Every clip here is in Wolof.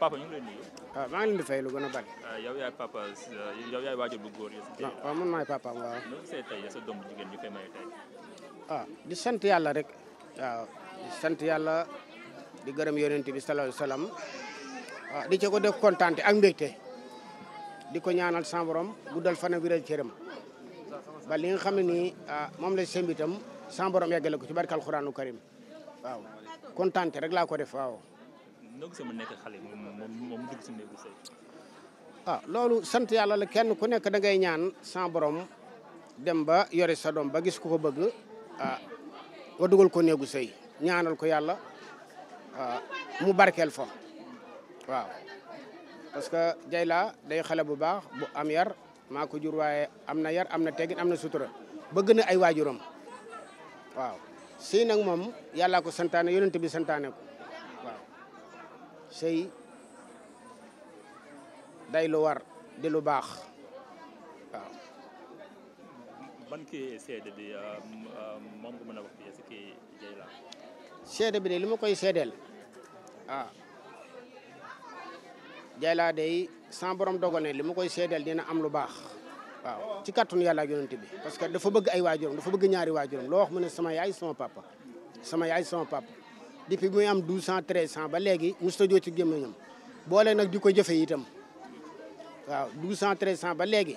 papa ñu ngi lay ah, leen di fay lu gën a bari. Ah, yow yaay papa bu góor yi. Ah, waaw man maay papa waaw. di sant yàlla rek. waaw di sant yàlla di gërëm yonent bi sallallahu di ca ko def kontaan ak mbégte di ko ñaanal sa borom guddal fan ak wéral cëram ba li nga xam ne nii moom la sëmbitam sa borom yàggale ko ci barkal Alxuraanu Karim waaw kontaan rek laa ko def waaw. noo gisee mu nekk xale moom mu dugg si néegu sëy ah, loolu sant yàlla la kenn ku nekk dangay ñaan sans borom dem ba yore sa doom ba gis ko ko bëgg ah dugal ko néegu sëy ñaanal ko yàlla ah, mu barkeel fa waaw parce que Jayla day xale bu baax bu am yar maa ko jur waaye am na yar am na teggin am na sutura bëgg na ay waajuram waaw sëy nag moom yàllaa ko santaane yonent bi santaane ko sëy day lu war di lu baax waaw. ban kii bi euh, euh, moom nga bi de li ma koy seddeel ah Dieyla de sans borom li ma koy seedeel dina am lu baax waaw ci kàttanu yàlla ak yonent bi. parce que dafa bëgg ay waajuram dafa bëgg ñaari waajuram loo wax mu ne sama yaay sama papa sama yaay sama papa. depuis muy am douze cent treize cent ba léegi musta joo ci gémmiñam boole nag di ko jëfe itam waaw douze cent treize cent ba léegi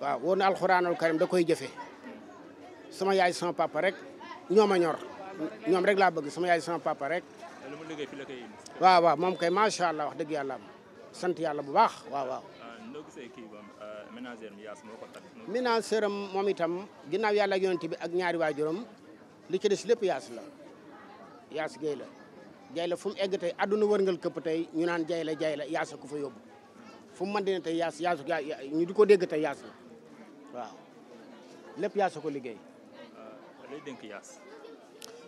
waaw woon na alxuraanul karim da koy jëfe sama yaay sama papa rek ñoom a ñor ñoom rek laa bëgg sama yaay sama papa rek. waaw waaw moom kay macha allah wax dëgg yàlla sant yàlla bu baax waaw waaw. ménagère am moom itam ginnaaw yàlla ak yonent bi ak ñaari waajuram li ci des lépp yaas la. yaas gay la jay la fu mu egg tey àdduna wërngal këpp tey ñu naan jay la la yaasa ko fa yóbbu fu mu mën dina tey yaas yaasu ñu di ko dégg tey yaas la waaw lépp liggéey lay dénk yaas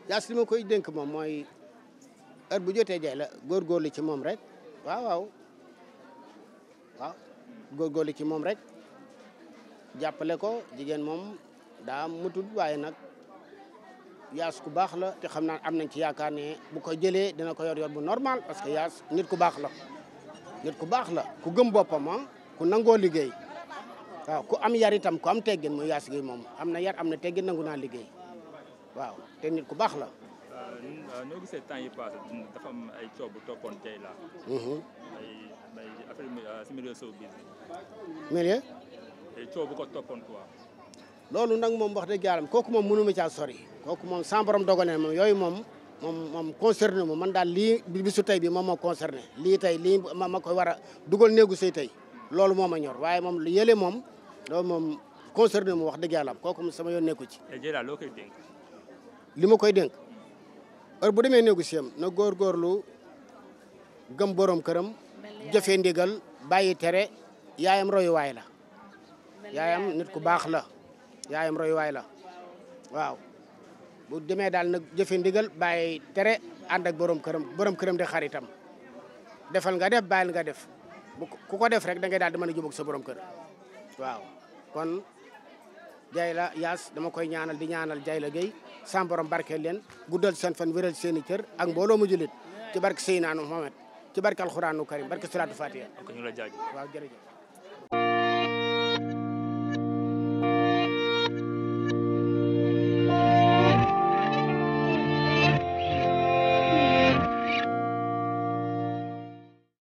yaas li ma koy dénk moom mooy heure bu jotee jay la góorgóorlu ci moom rek waaw waaw waaw góorgóorlu ci moom rek jàppale ko jigéen moom daa mutut waaye nag yaas ku baax la te xam naa am nañ ci yaakaar ne bu ko jëlee dina ko yor bu normal parce que yaas nit ku baax la nit ku baax la ku gëm boppam ah ku nangoo liggéey waaw ku am yar itam ku am teggin mooy yaas gi moom am na yar am na teggin nangu naa liggéey waaw te nit ku baax la. ñoo gisee temps yi passé dafa am ay coow bu toppoon tey la. Mhm. ay ay affaire ah, loolu nag moom wax dëgg yàlla kooku moom mënu ma caa sori kooku moom sans borom dogale moom yooyu moom moom moom concerné man daal lii bisu tey bi moom moo concerné lii tey lii ma ma koy war a dugal néegu sëy tey loolu moo ma ñor waaye moom lu yële moom loolu moom concerné mo wax dëgg yàlla kooku moom sama yoon nekku ci. Eh, jërëjëf loo koy li ma koy dénk heure bu demee néegu sëyam na góorgóorlu gëm borom këram jëfe ndigal bàyyi tere yaayam royuwaay la yaayam nit ku baax la. yaayam royuwaay la waaw bu demee daal na jëfe ndigal bàyyi tere ànd ak borom këram borom këram di xaritam defal nga def bàyyil nga def bu ku ko def rek da ngay daal di man a jubóog sa borom kër waaw kon Diayla Yaas dama koy ñaanal di ñaanal Diayla Gueye sam borom barkeel leen guddal seen fan wéral seen i cër ak mbooloo mu jullit ci barke Seydina Muhammad ci barke alxuraanu karim barke salaatu fatiha. ok ñu la jaajëf waaw jërëjëf.